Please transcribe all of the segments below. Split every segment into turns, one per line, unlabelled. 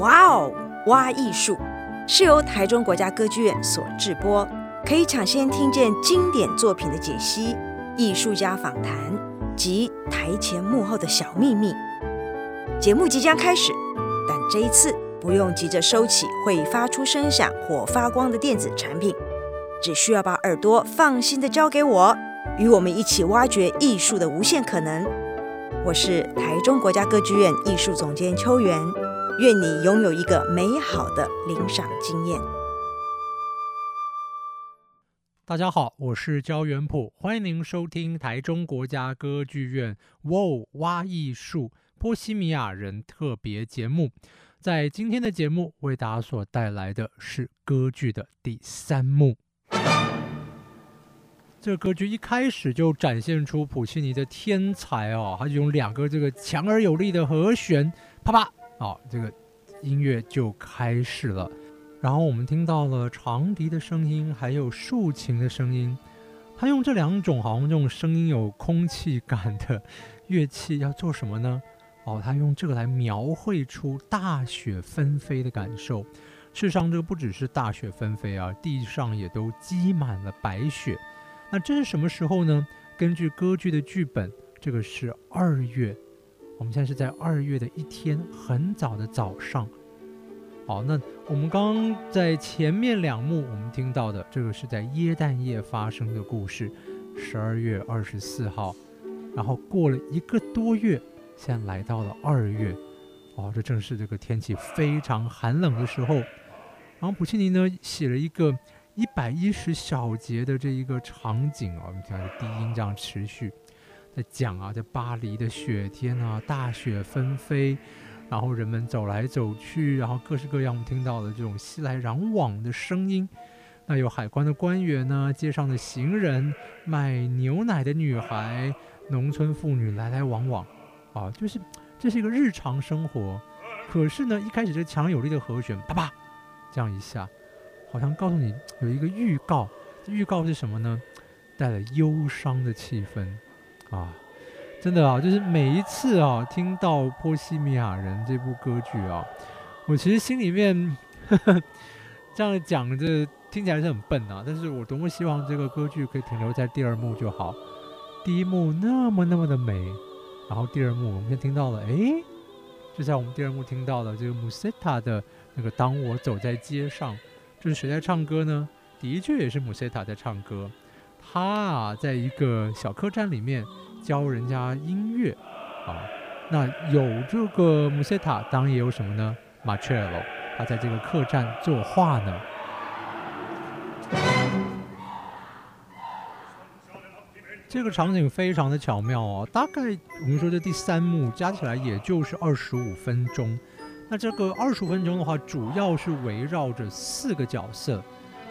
哇哦，挖藝術是由台中國家歌劇院所製播，可以搶先聽見經典作品的解析、藝術家訪談及台前幕後的小秘密。節目即將開始，但這一次不用急着收起會發出聲響或發光的電子產品，只需要把耳朵放心的交給我，與我們一起挖掘藝術的無限可能。我是台中國家歌劇院藝術總監邱瑗。願你擁有一個美好的聆賞經驗。大家好，我是焦元溥，歡迎您收聽台中國家歌劇院《WOW 挖藝術波希米亞人》特別節目。在今天的節目為大家所帶來的是歌劇的第三幕。這個歌劇一開始就展現出普契尼的天才哦，他就用兩個這個強而有力的和弦，啪啪。好、哦，這個音樂就開始了，然後我們聽到了長笛的聲音，還有豎琴的聲音。他用這兩種好像這種聲音有空氣感的樂器要做什麼呢？哦，他用這個來描繪出大雪紛飛的感受。事實上，這個不只是大雪紛飛啊，地上也都積滿了白雪。那這是什麼時候呢？根據歌劇的劇本，這個是二月。我們現在是在二月的一天很早的早上，好，那我們剛剛在前面兩幕我們聽到的，這個是在耶誕夜發生的故事，十二月二十四號，然後過了一個多月，現在來到了二月，哦，這正是這個天氣非常寒冷的時候，然後浦契尼呢寫了一個一百一十小節的這一個場景啊、哦，我們聽的低音這樣持續。在講啊，在巴黎的雪天啊，大雪紛飛，然後人們走來走去，然後各式各樣我們聽到的這種熙來攘往的聲音。那有海關的官員呢，街上的行人，賣牛奶的女孩，農村婦女來來往往，啊，就是這是一個日常生活。可是呢，一開始這強有力的和絃，啪啪，這樣一下，好像告訴你有一個預告，預告是什麼呢？帶了憂傷的氣氛。啊，真的啊，就是每一次啊，聽到《波希米亞人》這部歌劇啊，我其實心裡面，呵呵這樣講着聽起來是很笨啊，但是我多麼希望這個歌劇可以停留在第二幕就好，第一幕那麼那麼的美，然後第二幕我們先聽到了，誒，就在我們第二幕聽到了這個穆賽塔的那個“當我走在街上”，就是誰在唱歌呢？的確也是穆賽塔在唱歌。他啊，在一個小客棧裡面教人家音樂，啊，那有這個穆賽塔，當然也有什麼呢？馬爾切洛，他在這個客棧作畫呢。這個場景非常的巧妙哦。大概我們說這第三幕加起來也就是二十五分鐘，那這個二十五分鐘的話，主要是圍繞着四個角色，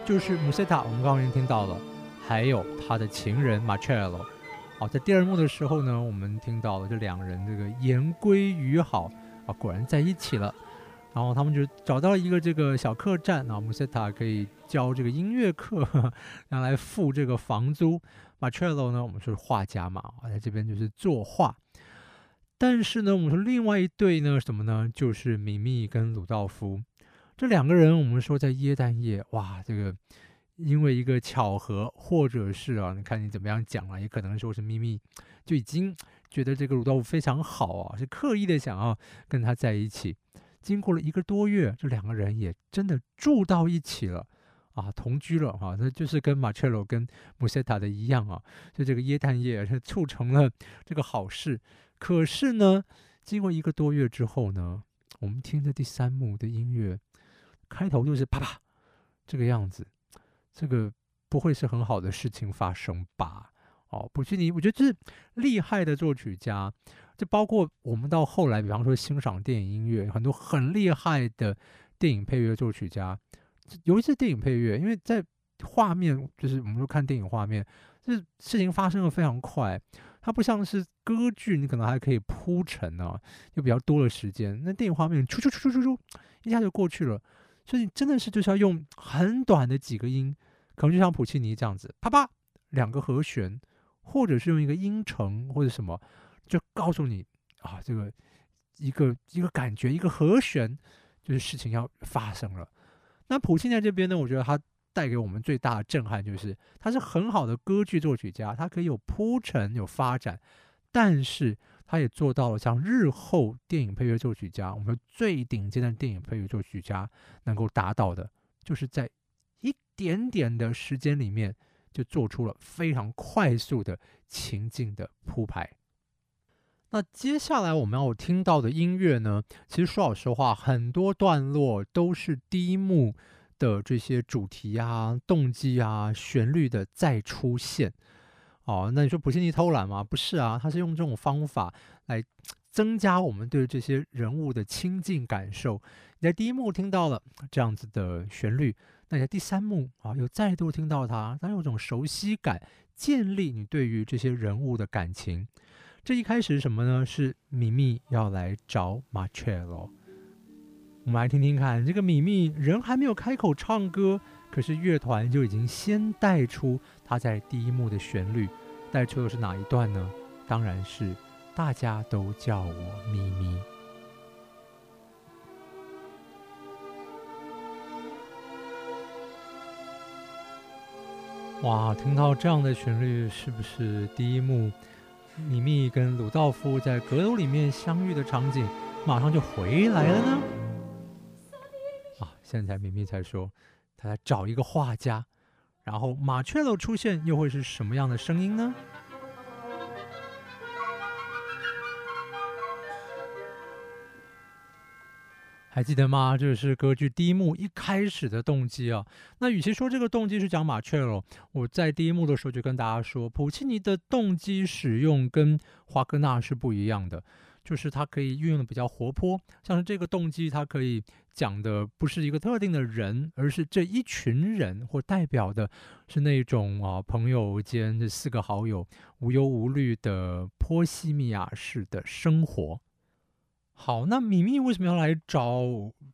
就是穆賽塔，我們剛剛已經聽到了。還有他的情人馬切羅，好、哦，在第二幕的時候呢，我們聽到了這兩人這個言歸於好啊、哦，果然在一起了。然後他們就找到了一個這個小客棧，那穆賽塔可以教這個音樂課，然後來付這個房租。馬切羅呢，我們說是畫家嘛，啊，在這邊就是作畫。但是呢，我們說另外一對呢什麼呢？就是咪咪跟魯道夫這兩個人，我們說在耶誕夜，哇，這個。因為一個巧合，或者是啊，你看你怎麼樣講了、啊，也可能說是咪咪，就已經覺得這個魯道夫非常好啊，是刻意的想要跟他在一起。經過了一個多月，這兩個人也真的住到一起了啊，同居了哈、啊。那就是跟馬切羅跟穆賽塔的一樣啊，就這個耶誕夜是促成了這個好事。可是呢，經過一個多月之後呢，我們聽著第三幕的音樂開頭就是啪啪這個樣子。這個不會是很好的事情發生吧？哦，不是。你我覺得這是厲害的作曲家。就包括我們到後來，比方說欣賞電影音樂，很多很厲害的電影配樂作曲家，尤其是電影配樂，因為在畫面就是我們說看電影畫面，這、就是、事情發生的非常快，它不像是歌劇，你可能還可以鋪陳呢、啊，就比較多的時間。那電影畫面，出出出出出出，一下就過去了，所以真的是就是要用很短的幾個音。可能就像浦契尼這樣子，啪啪兩個和弦，或者是用一個音程或者什麼，就告訴你啊，這個一個一個感覺，一個和弦就是事情要發生了。那浦契尼在這邊呢，我覺得他帶給我們最大的震撼就是，他是很好的歌劇作曲家，他可以有鋪陳有發展，但是他也做到了像日後電影配樂作曲家，我們最頂尖的電影配樂作曲家能夠達到的，就是在。點點的時間裡面，就做出了非常快速的情境的鋪排。那接下來我們要聽到的音樂呢，其實說老實話，很多段落都是第一幕的這些主題啊、動機啊、旋律的再出現。哦，那你說浦契尼偷懶嗎？不是啊，他是用這種方法來增加我們對這些人物的親近感受。你在第一幕聽到了這樣子的旋律。那在第三幕啊，又再度聽到他，他有種熟悉感，建立你對於這些人物的感情。這一開始是什麼呢？是咪咪要來找馬切羅。我們來聽聽看，這個咪咪人還沒有開口唱歌，可是樂團就已經先帶出他在第一幕的旋律，帶出的是哪一段呢？當然是大家都叫我咪咪。哇，聽到這樣的旋律，是不是第一幕咪咪跟魯道夫在閣樓裡面相遇的場景馬上就回來了呢？啊，現在咪咪才說，他在找一個畫家，然後馬爾切洛出現又會是什麼樣的聲音呢？還記得嗎？這、就是歌劇第一幕一開始的動機啊。那與其說這個動機是講馬爾切洛，我在第一幕的時候就跟大家說，普契尼的動機使用跟華格納是不一樣的，就是它可以運用的比較活潑。像是這個動機，它可以講的不是一個特定的人，而是這一群人，或代表的是那種啊朋友間的四個好友無憂無慮的波西米亞式的生活。好，那咪咪為什麼要來找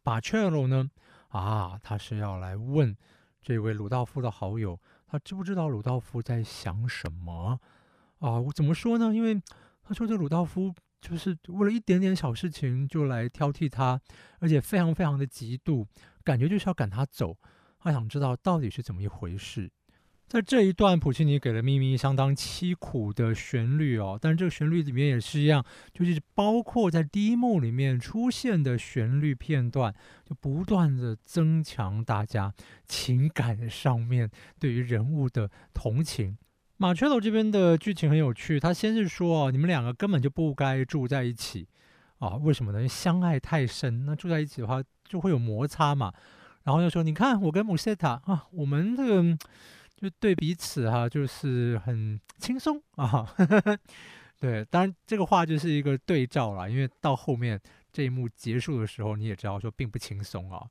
馬切羅呢？啊，他是要來問這位魯道夫的好友，他知不知道魯道夫在想什麼？啊，我怎麼說呢？因為他說這魯道夫就是為了一點點小事情就來挑剔他，而且非常非常的嫉妒，感覺就是要趕他走。他想知道到底是怎麼一回事。在這一段，浦契尼給了咪咪相當淒苦的旋律哦。但是這個旋律裡面也是一樣，就是包括在第一幕裡面出現的旋律片段，就不斷的增強大家情感上面對於人物的同情。馬切羅這邊的劇情很有趣，他先是說：“哦，你們兩個根本就不該住在一起啊，為什麼呢？因為相愛太深，那住在一起的話就會有摩擦嘛。”然後又說：“你看我跟穆賽塔啊，我們這個。”就對彼此哈、啊，就是很輕鬆啊，呵呵。對，當然這個話就是一個對照啦，因為到後面這一幕結束的時候，你也知道說並不輕鬆啊。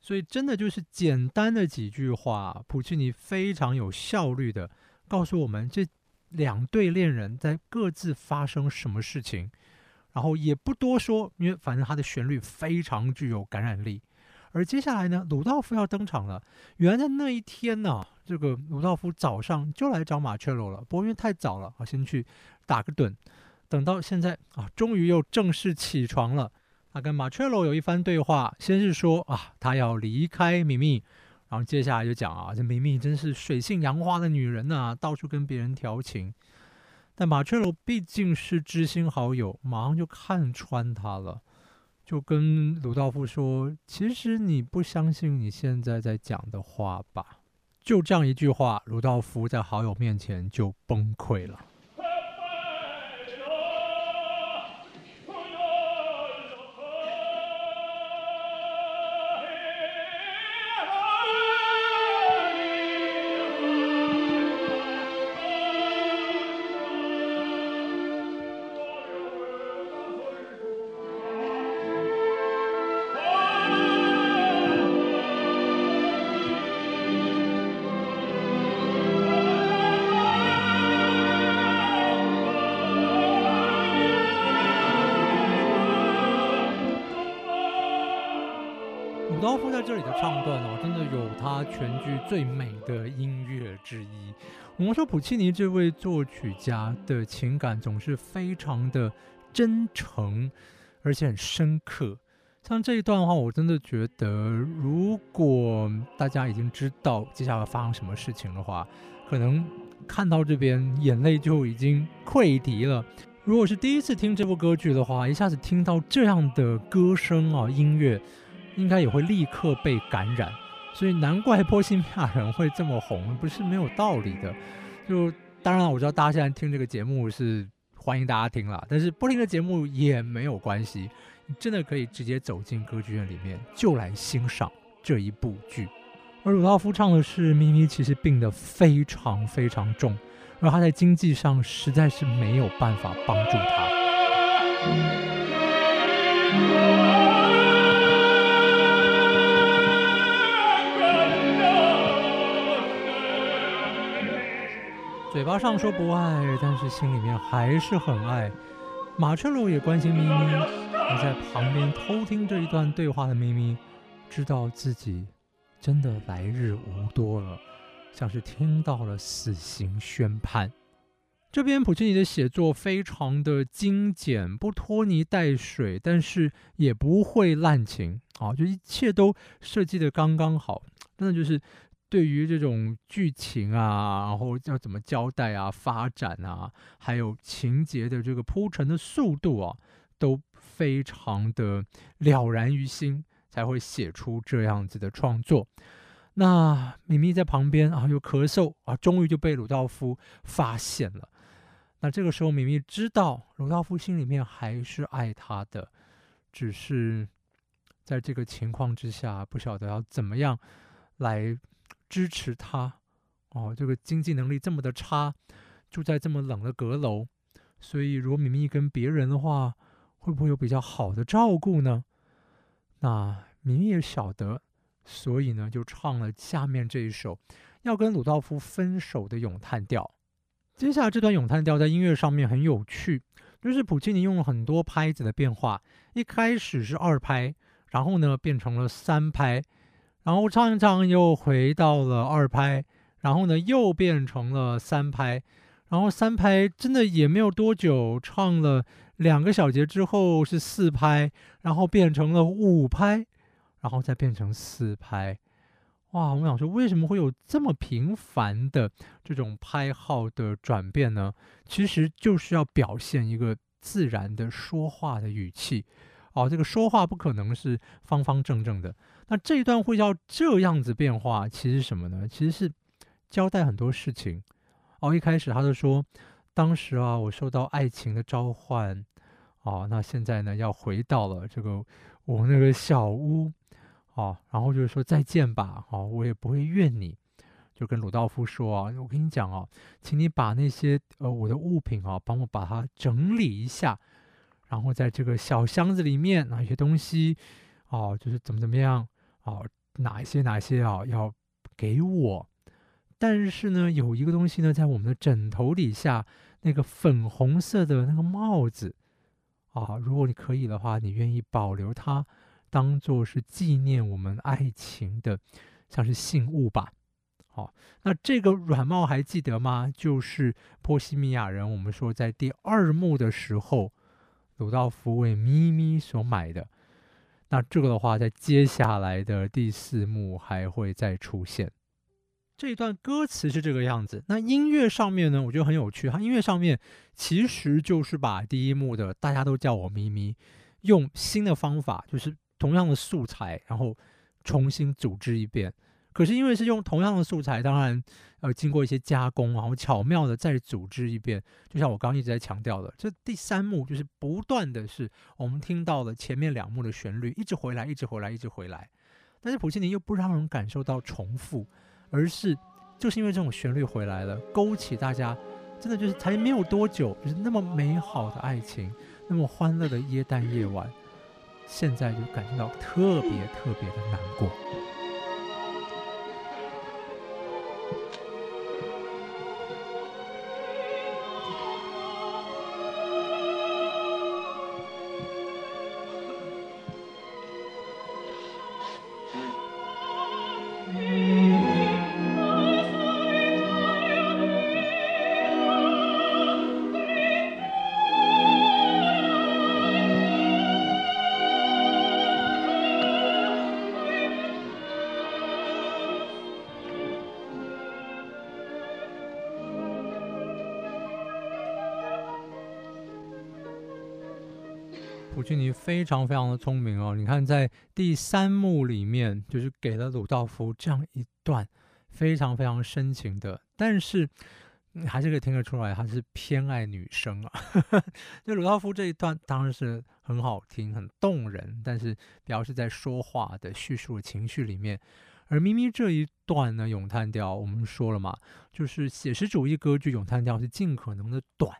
所以真的就是簡單的幾句話，普契尼非常有效率的告訴我們這兩對戀人在各自發生什麼事情，然後也不多說，因為反正他的旋律非常具有感染力。而接下來呢，魯道夫要登場了。原來那一天呢、啊，這個魯道夫早上就來找馬切羅了，不過因為太早了，他先去打個盹。等到現在啊，終於又正式起床了。他跟馬切羅有一番對話，先是說啊，他要離開咪咪，然後接下來就講啊，這咪咪真是水性楊花的女人呢、啊，到處跟別人調情。但馬切羅畢竟是知心好友，馬上就看穿他了。就跟魯道夫說，其實你不相信你現在在講的話吧？就這樣一句話，魯道夫在好友面前就崩潰了。刀夫在這裡的唱段哦，真的有他全劇最美的音樂之一。我們說普契尼這位作曲家的情感總是非常的真誠，而且很深刻。像這一段的話，我真的覺得，如果大家已經知道接下來發生什麼事情的話，可能看到這邊眼淚就已經潰堤了。如果是第一次聽這部歌劇的話，一下子聽到這樣的歌聲啊，音樂。應該也會立刻被感染，所以難怪波西米亞人會這麼紅，不是沒有道理的。就當然了，我知道大家現在聽這個節目是歡迎大家聽了，但是不聽的節目也沒有關係，你真的可以直接走進歌劇院裡面就來欣賞這一部劇。而魯道夫唱的是咪咪，其實病得非常非常重，而他在經濟上實在是沒有辦法幫助他。嗯。嗯嘴巴上說不愛，但是心裡面還是很愛。馬切洛也關心咪咪你，而在旁邊偷聽這一段對話的咪咪，知道自己真的來日無多了，像是聽到了死刑宣判。這邊普契尼的寫作非常的精簡，不拖泥帶水，但是也不會濫情啊，就一切都設計得剛剛好，真的就是。對於這種劇情啊，然後要怎麼交代啊，發展啊，還有情節的這個鋪陳的速度啊，都非常的了然於心，才會寫出這樣子的創作。那咪咪在旁邊啊，又咳嗽啊，終於就被魯道夫發現了。那這個時候，咪咪知道魯道夫心裡面還是愛她的，只是在這個情況之下，不曉得要怎麼樣來。支持他，哦，這個經濟能力這麼的差，住在這麼冷的閣樓，所以如果咪咪跟別人的話，會不會有比較好的照顧呢？那咪咪也曉得，所以呢就唱了下面這一首，要跟魯道夫分手的詠嘆調。接下來這段詠嘆調在音樂上面很有趣，就是浦契尼用了很多拍子的變化，一開始是二拍，然後呢變成了三拍。然後唱一唱又回到了二拍，然後呢又變成了三拍，然後三拍真的也沒有多久，唱了兩個小節之後是四拍，然後變成了五拍，然後再變成四拍。哇，我想說，為什麼會有這麼頻繁的這種拍號的轉變呢？其實就是要表現一個自然的說話的語氣。哦，這個說話不可能是方方正正的。那這一段會要這樣子變化，其實是什麼呢？其實是交代很多事情。哦，一開始他就說，當時啊，我受到愛情的召喚。哦，那現在呢，要回到了這個我那個小屋。哦，然後就是說再見吧。哦，我也不會怨你。就跟魯道夫說啊，我跟你講哦、啊，請你把那些呃我的物品啊，幫我把它整理一下。然後在這個小箱子裡面，哪一些東西，哦、啊，就是怎麼怎麼樣，哦、啊，哪一些哪些啊，要給我。但是呢，有一個東西呢，在我們的枕頭底下，那個粉紅色的那個帽子，啊，如果你可以的話，你願意保留它，當做是紀念我們愛情的，像是信物吧。好、啊，那這個軟帽還記得嗎？就是波希米亞人，我們說在第二幕的時候。走到福為咪咪所買的。那這個的話，在接下來的第四幕還會再出現。這一段歌詞是這個樣子。那音樂上面呢，我覺得很有趣。哈，音樂上面其實就是把第一幕的“大家都叫我咪咪”用新的方法，就是同樣的素材，然後重新組織一遍。可是因為是用同樣的素材，當然要、呃、經過一些加工，然後巧妙的再組織一遍。就像我剛剛一直在強調的，這第三幕就是不斷的是我們聽到了前面兩幕的旋律，一直回來，一直回來，一直回來。但是浦契尼又不讓人感受到重複，而是就是因為這種旋律回來了，勾起大家真的就是才沒有多久，就是那麼美好的愛情，那麼歡樂的耶誕夜晚，現在就感受到特別特別的難過。普契尼非常非常的聰明哦，你看，在第三幕裡面，就是給了魯道夫這樣一段非常非常深情的，但是、嗯、你還是可以聽得出來，他是偏愛女生啊。 就魯道夫這一段當然是很好聽、很動人，但是表示在說話的敘述的情緒裡面。而咪咪這一段呢，詠嘆調我們說了嘛，就是寫實主義歌劇詠嘆調是盡可能的短。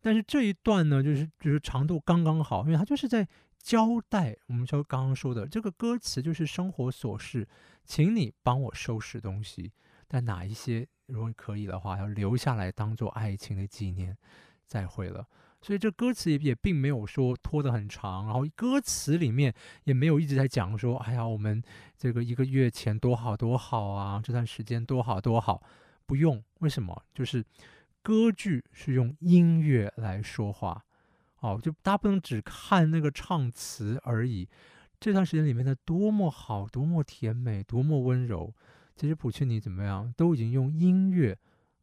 但是這一段呢，就是就是長度剛剛好，因為它就是在交代我們說剛剛說的這個歌詞，就是生活瑣事，請你幫我收拾東西，但哪一些如果可以的話，要留下來當做愛情的紀念。再會了，所以這歌詞也，也並沒有說拖得很長，然後歌詞裡面也沒有一直在講說，哎呀，我們這個一個月前多好多好啊，這段時間多好多好，不用，為什麼？就是。歌劇是用音樂來說話，哦，就大家不能只看那個唱詞而已。這段時間裡面的多麼好，多麼甜美，多麼溫柔，其實浦契尼怎麼樣都已經用音樂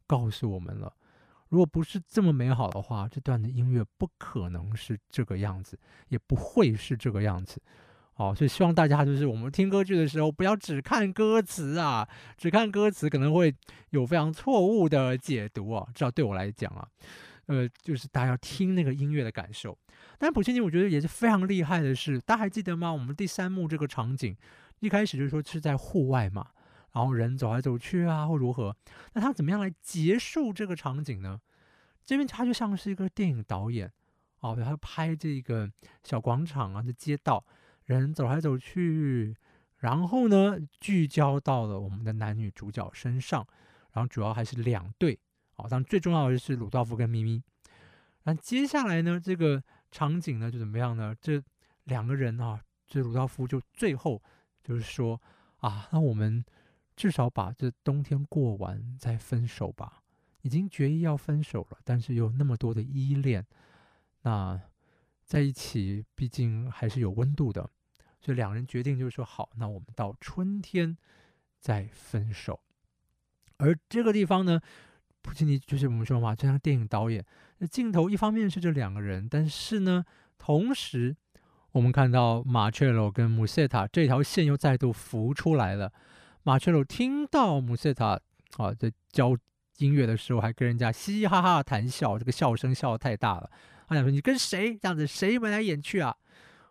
告訴我們了。如果不是這麼美好的話，這段的音樂不可能是這個樣子，也不會是這個樣子。哦，所以希望大家就是我們聽歌劇的時候，不要只看歌詞啊，只看歌詞可能會有非常錯誤的解讀啊。至少對我來講啊，呃，就是大家要聽那個音樂的感受。但是普契尼我覺得也是非常厲害的是，大家還記得嗎？我們第三幕這個場景一開始就是說是在戶外嘛，然後人走來走去啊或如何，那他怎麼樣來結束這個場景呢？這邊他就像是一個電影導演哦，然後拍這個小廣場啊的街道。人走來走去，然後呢，聚焦到了我們的男女主角身上，然後主要還是兩對啊、哦。但最重要的是魯道夫跟咪咪。那接下來呢，這個場景呢就怎麼樣呢？這兩個人啊，這魯道夫就最後就是說啊，那我們至少把這冬天過完再分手吧。已經決意要分手了，但是有那麼多的依戀，那在一起畢竟還是有溫度的。所以兩人決定就是說好，那我們到春天再分手。而這個地方呢，普契尼就是我們說嘛，就像電影導演，那鏡頭一方面是這兩個人，但是呢，同時我們看到馬切羅跟穆謝塔這條線又再度浮出來了。馬切羅聽到穆謝塔啊在教音樂的時候，還跟人家嘻嘻哈哈談笑，這個笑聲笑得太大了，他想說你跟誰這樣子，誰眉來眼去啊？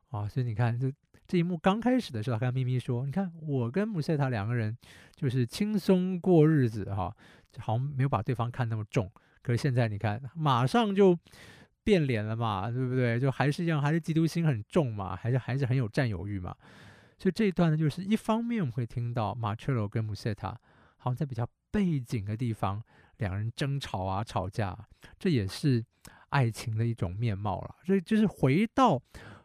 啊，所以你看這。這一幕剛開始的時候，他跟咪咪說：“你看我跟穆賽塔兩個人就是輕鬆過日子哈、啊，好像沒有把對方看那麼重。可是現在你看，馬上就變臉了嘛，對不對？就還是一樣，還是嫉妒心很重嘛，還是還是很有占有慾嘛。所以這一段呢，就是一方面我們會聽到馬切洛跟穆賽塔好像在比較背景的地方，兩個人爭吵啊吵架，這也是愛情的一種面貌了。所以就是回到”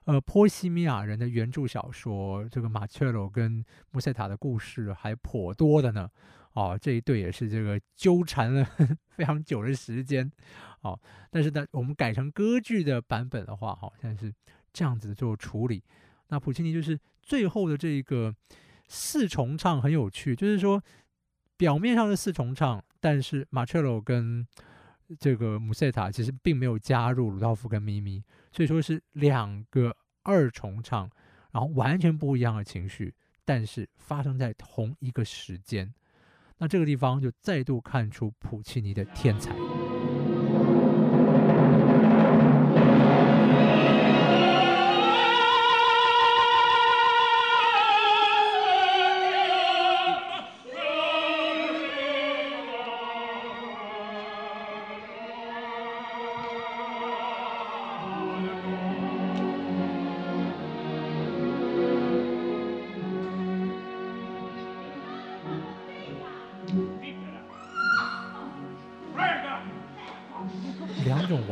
呃，波希米亞人的原著小說，這個馬切羅跟穆賽塔的故事還頗多的呢。哦，這一對也是這個糾纏了非常久的時間。哦，但是呢，我們改成歌劇的版本的話，好像是這樣子做處理。那浦契尼就是最後的這個四重唱很有趣，就是說表面上是四重唱，但是馬切羅跟這個穆賽塔其實並沒有加入魯道夫跟咪咪，所以說是兩個二重唱，然後完全不一樣的情緒，但是發生在同一個時間。那這個地方就再度看出普契尼的天才。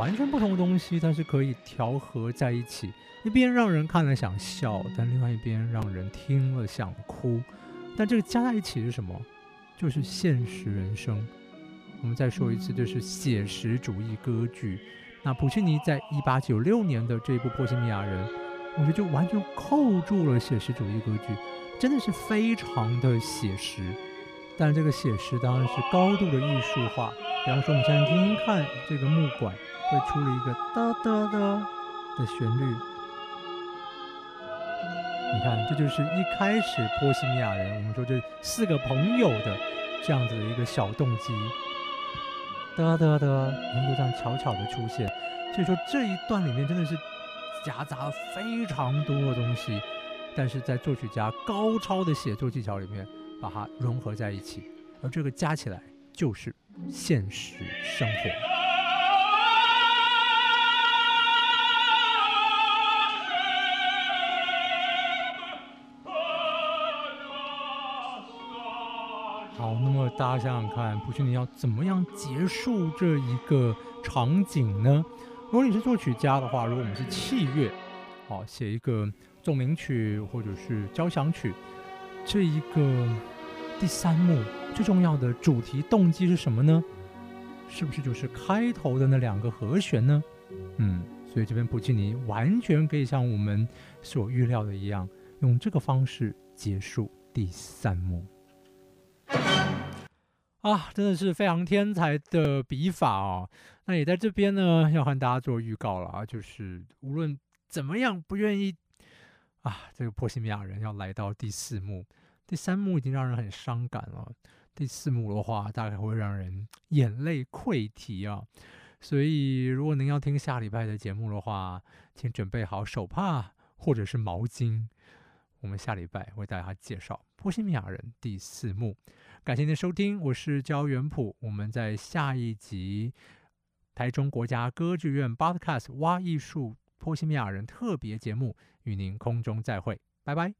完全不同的東西，它是可以調和在一起，一邊讓人看了想笑，但另外一邊讓人聽了想哭。但這個加在一起是什麼？就是現實人生。我們再說一次，就是寫實主義歌劇。那浦契尼在一八九六年的這部《波希米亞人》，我覺得就完全扣住了寫實主義歌劇，真的是非常的寫實。但這個寫實當然是高度的藝術化。比方說，我們現在聽聽看這個木管。會出了一個噠噠噠的旋律，你看，這就是一開始《波希米亞人》，我們說這四個朋友的這樣子的一個小動機，噠噠噠能夠這樣悄悄的出現。所以說這一段裡面真的是夾雜了非常多的東西，但是在作曲家高超的寫作技巧裡面把它融合在一起，而這個加起來就是現實生活。好，那麼大家想想看，浦契尼要怎麼樣結束這一個場景呢？如果你是作曲家的話，如果我們是器樂，好，寫一個奏鳴曲或者是交響曲，這一個第三幕最重要的主題動機是什麼呢？是不是就是開頭的那兩個和弦呢？嗯，所以這邊浦契尼完全可以像我們所預料的一樣，用這個方式結束第三幕。啊，真的是非常天才的筆法哦！那也在這邊呢，要和大家做預告了啊，就是無論怎麼樣不願意啊，這個波希米亞人要來到第四幕，第三幕已經讓人很傷感了，第四幕的話大概會讓人眼淚潰堤啊！所以，如果您要聽下禮拜的節目的話，請準備好手帕或者是毛巾。我們下禮拜為大家介紹《波希米亞人》第四幕。感謝您的收聽，我是焦元溥。我們在下一集台中國家歌劇院 Podcast 挖藝術《波希米亞人》特別節目與您空中再會，拜拜。